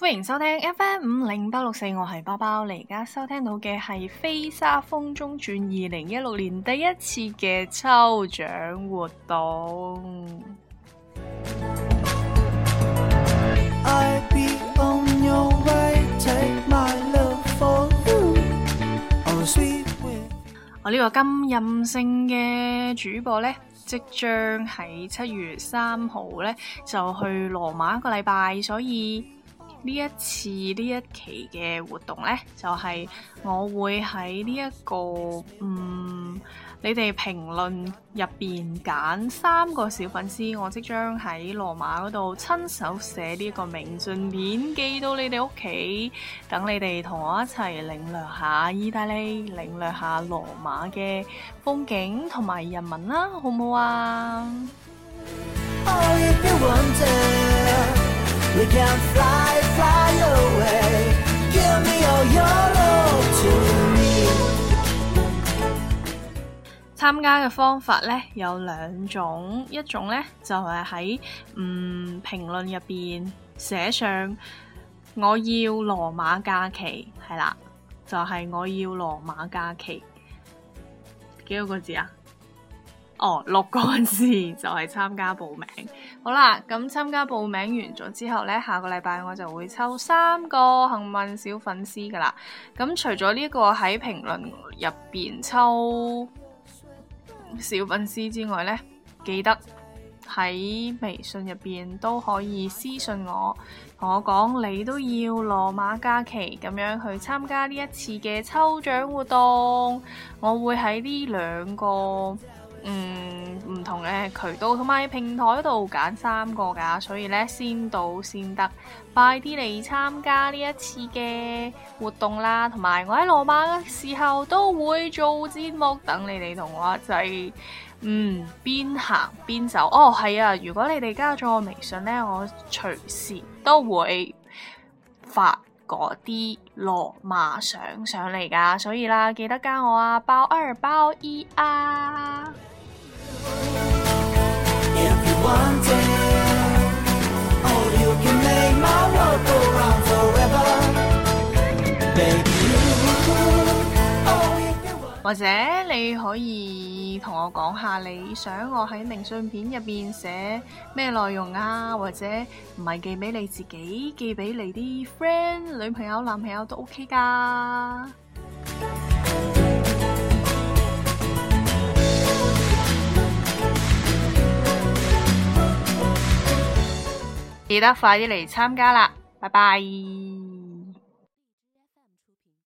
歡迎收聽 FM 五零八六四，我係包包。你而家收聽到嘅係《飛沙風中轉》二零一六年第一次嘅抽獎活動。我呢個咁任性嘅主播咧，即將喺七月三號咧就去羅馬一個禮拜，所以，呢一次呢一期嘅活動呢，就係我會喺呢一個嗯，你哋評論入邊揀三個小粉絲，我即將喺羅馬嗰度親手寫呢一個明信片寄到你哋屋企，等你哋同我一齊領略下意大利，領略下羅馬嘅風景同埋人民啦，好唔好啊？Oh, 參加嘅方法呢，有兩種，一種呢，就係、是、喺嗯評論入邊寫上我要羅馬假期，係啦，就係、是、我要羅馬假期，幾多個字啊？哦，六個字就係參加報名好啦。咁參加報名完咗之後呢，下個禮拜我就會抽三個幸運小粉絲噶啦。咁除咗呢個喺評論入面抽小粉絲之外呢，記得喺微信入面都可以私信我，同我講你都要羅馬假期咁樣去參加呢一次嘅抽獎活動。我會喺呢兩個。嗯，唔同嘅渠道同埋平台度揀三個噶，所以咧先到先得，快啲嚟參加呢一次嘅活動啦！同埋我喺羅馬嘅時候都會做節目，等你哋同我一齊，嗯，邊行邊走。哦，係啊，如果你哋加咗我微信咧，我隨時都會發嗰啲羅馬相上嚟噶。所以啦，記得加我啊，包二包一啊！或者你可以同我講下，你想我喺明信片入邊寫咩內容啊？或者唔係寄俾你自己，寄俾你啲 friend、女朋友、男朋友都 OK 噶。記得快啲嚟參加啦，拜拜！